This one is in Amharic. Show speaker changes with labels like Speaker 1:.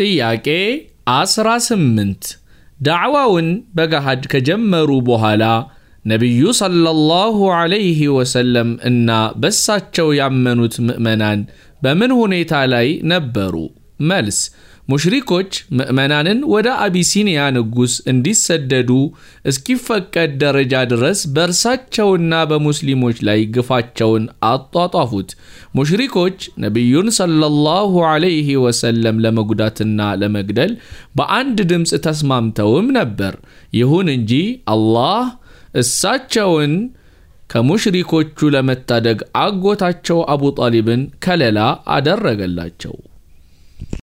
Speaker 1: ጥያቄ 18 ዳዕዋውን በጋሃድ ከጀመሩ በኋላ ነቢዩ ሰለላሁ ዐለይሂ ወሰለም እና በሳቸው ያመኑት ምዕመናን በምን ሁኔታ ላይ ነበሩ? መልስ ሙሽሪኮች ምዕመናንን ወደ አቢሲኒያ ንጉሥ እንዲሰደዱ እስኪፈቀድ ደረጃ ድረስ በእርሳቸውና በሙስሊሞች ላይ ግፋቸውን አጧጧፉት። ሙሽሪኮች ነቢዩን ሰለላሁ ዐለይሂ ወሰለም ለመጉዳትና ለመግደል በአንድ ድምፅ ተስማምተውም ነበር። ይሁን እንጂ አላህ እሳቸውን ከሙሽሪኮቹ ለመታደግ አጎታቸው አቡ ጣሊብን ከለላ አደረገላቸው።